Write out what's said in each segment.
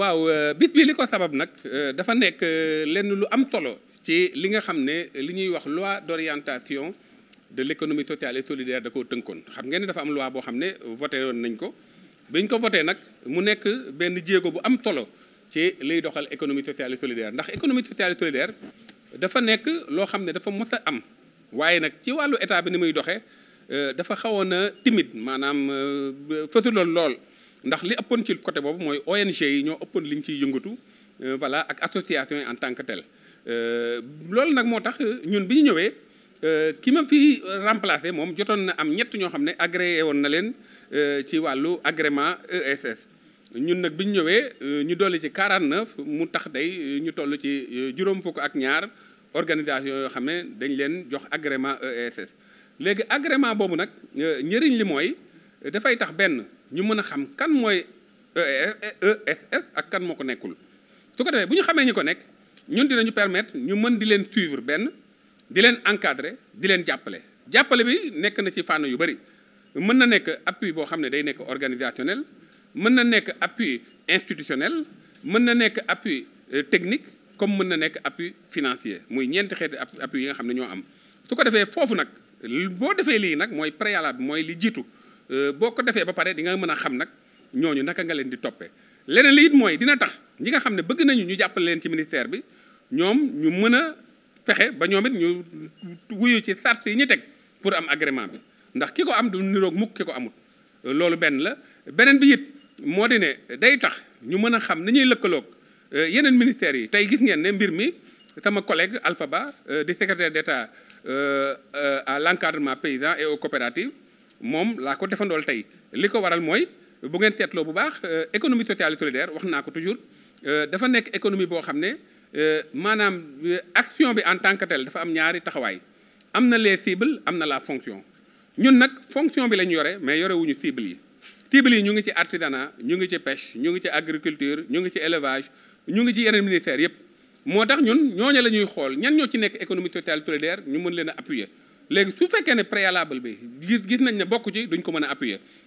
waaw euh, bis bi li ko sabab nag euh, dafa nekk euh, lenn lu am tolo ci li nga xam ne li ñuy wax loi d'orientation de l'économie sociale et solidaire da ko tënkoon xam ngeen ne dafa am loi boo xam ne voté woon nañ ko biñ ko voté nag mu nekk benn jéego bu am tolo ci liy doxal économie sociale et solidaire ndax économie sociale et solidaire dafa nekk loo xam ne dafa mot am waaye nag ci wàllu état bi ni muy doxee Euh, dafa xawoon a timide maanaam euh, fëtuloon lool ndax li ëppoon ci côté boobu mooy ONG yi ñoo ëppoon liñ ciy yëngatu euh, voilà ak association yi en tant que tel loolu nag moo tax ñun bi ñu ñëwee ki ma fi remplacé moom jotoon na am ñett ñoo xam ne agréé woon na leen ci wàllu agrément ESS ñun nag bi ñu ñëwee ñu dolli ci 49 mu tax day ñu toll ci juróom fukk ak ñaar organisation yoo xam ne dañ leen jox agrément ESS léegi agrément boobu nag euh, njëriñ li mooy dafay tax benn ñu mën a xam kan mooy ESS e e e ak kan moo ko nekkul su ko defee bu ñu xamee ñi ko nekk ñun dinañu permettre ñu mën di leen suivre benn di leen encadre di leen jàppale jàppale bi nekk na ci fànn yu bëri mën na nekk appui boo xam ne day nekk organisationnel mën na nekk appui institutionnel mën na nekk appui euh, technique comme mën na nekk appui financier muy ñeenti xeeti appui yi nga xam ne ñoo am su ko defee foofu nag boo defee lii nag mooy préalable mooy li jiitu euh, boo ko defee ba pare di nga mën a xam nag ñooñu naka nga leen di toppee leneen li it mooy dina tax ñi xam ne bëgg nañu ñu jàppale leen ci ministère bi ñoom ñu mën a fexe ba ñoom it ñu wuyu ci sart yi ñu teg pour am agrément bi ndax ki ko am du niroog mukk ko amut loolu benn la beneen bi it moo di ne day tax ñu mën a xam ni ñuy lëkkaloog euh, yeneen ministères yi tey gis ngeen ne mbir mi sama collègue Alpha Ba euh, di secrétaire d'État Euh, euh, à l'encadrement paysan et aux coopératives moom laa ko defandool tey li ko waral mooy bu ngeen seetloo bu baax euh, économie sociale solidaire wax naa ko toujours dafa nekk économie boo xam ne maanaam action bi en tant que telle dafa am ñaari taxawaay am na les cibles am na la fonction ñun nag fonction bi la ñu yore mais yore wuñu cibles yi cibles yi ñu ngi ci artisanat ñu ngi ci pêche ñu ngi ci agriculture ñu ngi ci élevage ñu ngi ci yeneen ministères yëpp moo tax ñun ñooñu la ñuy xool ñan ñoo ci nekk économie totale solidaire ñu mën leen a léegi su fekkee ne préalable bi gis gis nañ ne bokk ci duñ ko mën a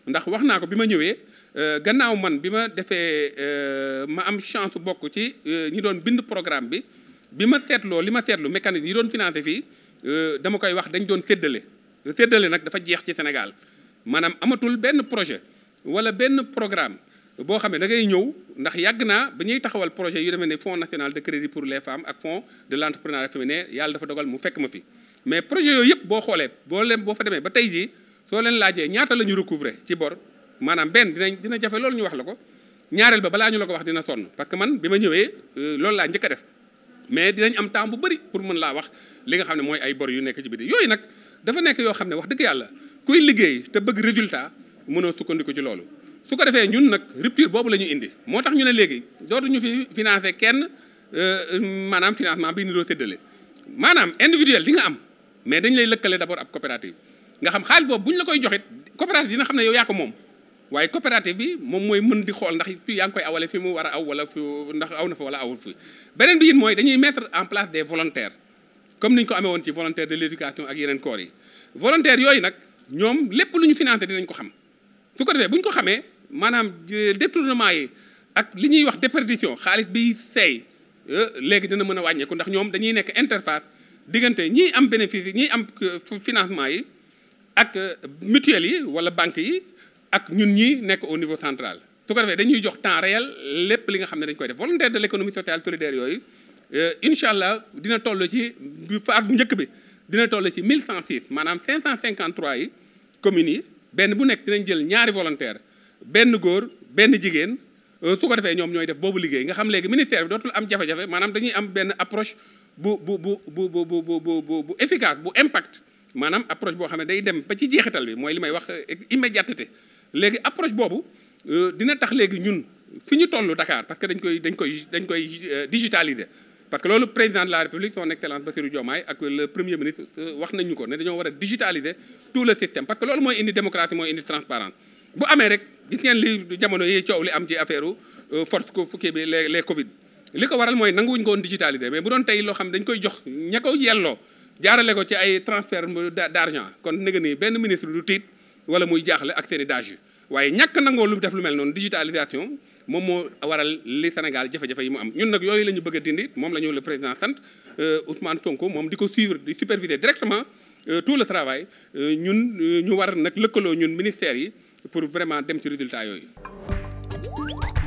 ndax wax naa ko bi ma ñëwee euh, gannaaw man bi ma defee euh, ma am chance bokk ci euh, ñi doon bind programme bi bi ma seetloo li ma seetlu mécanisme yi doon financé fii dama koy wax dañ doon séddale séddale nag dafa jeex ci Sénégal maanaam amatul benn projet wala benn programme boo xam ne ñëw ndax yàgg naa ba ñuy taxawal projet yu demee ne fonds national de crédit pour les femmes ak fonds de l' entrepreneuriat féminin yàlla dafa dogal mu fekk ma fi mais projet yooyu yëpp boo xoolee boo boo fa ba tey jii soo leen laajee ñaata la ñu recouvrer ci bor maanaam benn dinañ dina jafe loolu ñu wax la ko ñaareel ba balaa ñu la ko wax dina sonn parce que man bi ma ñëwee euh, loolu laa njëkk a mais dinañ am temps bu bëri pour mën laa wax li nga xam ne mooy ay bor yu nekk ci biti yooyu nag dafa nekk yoo xam ne wax dëgg yàlla kuy liggéey te bëgg résultat mënoo sukkandiku ci loolu su ko defee ñun nag rupture boobu la ñu indi moo tax ñu ne léegi dootuñu fi financer kenn euh, maanaam financement bi niroo séddale maanaam individuel li nga am mais dañ lay lëkkale d'abord ab coopérative nga xam xaalis boobu bu ñu la koy joxit coopérative na xam ne yow yaa ko moom waaye coopérative bi moom mooy mën di xool ndax yaa ngi koy awale fi mu war a aw wala fi ndax aw na fa wala awul fi beneen bi it mooy dañuy mettre en place des volontaires comme niñ ko amee ci volontaire de l'éducation ak yeneen corps yi volontaires yooyu nag ñoom lépp lu ñu financé dinañ ko xam su ko defee bu ñu ko xamee maanaam euh, détournement yi ak li ñuy wax déperdition xaalis biy seey euh, léegi dina mën a wàññeeku ndax ñoom dañuy nekk interface diggante ñi am bénéfice yi ñiy am euh, financement yi ak mutuelle yi wala banque yi ak ñun ñi nekk au niveau central su ko defee dañuy jox temps réel lépp li nga xam ne dañ koy def volontaire de l' économie sociale solidaire yooyu incha allah dina toll ci phase bu njëkk bi dina toll ci 1106 maanaam 553 yi commune yi benn bu nekk dinañ jël ñaari volontaire benn góor benn jigéen euh, su ko defee ñoom ñooy def boobu liggéey nga xam léegi ministère bi dootul am jafe-jafe maanaam dañuy am benn approche bu bu bu bu bu bu bu bu efficace bu impact maanaam approche boo xam ne day dem ba ci jeexital bi mooy li may wax euh, immédiateté léegi approche boobu euh, dina tax léegi ñun fi ñu toll Dakar parce que dañ koy dañ koy dañ koy digitaliser parce que loolu président de la république son excellence Bassirou Diomaye ak le premier ministre wax ko ne dañoo war a digitaliser tout le système parce que loolu mooy bu amee rek gis ngeen li jamono yi coow li am ci affaire euh, force ko fukki bi les les Covid li ko waral mooy nanguwuñ ko woon digitaliser mais bu doon tey loo xam dañ koy jox ña ko yelloo jaarale ko ci ay transfert d'argent kon nga ni benn ministre du tiit wala muy jaaxle ak seen i waaye ñàkk nangoo lu def lu mel noonu digitalisation moom moo waral li Sénégal jafe-jafe yi mu am ñun nag yooyu la ñu bëgg a dindi moom la ñu le président sant euh, Ousmane Sonko moom di ko suivre di superviser directement euh, tout le travail ñun ñu war nag lëkkaloo ñun ministères yi pour vraiment dem ci résultat yooyu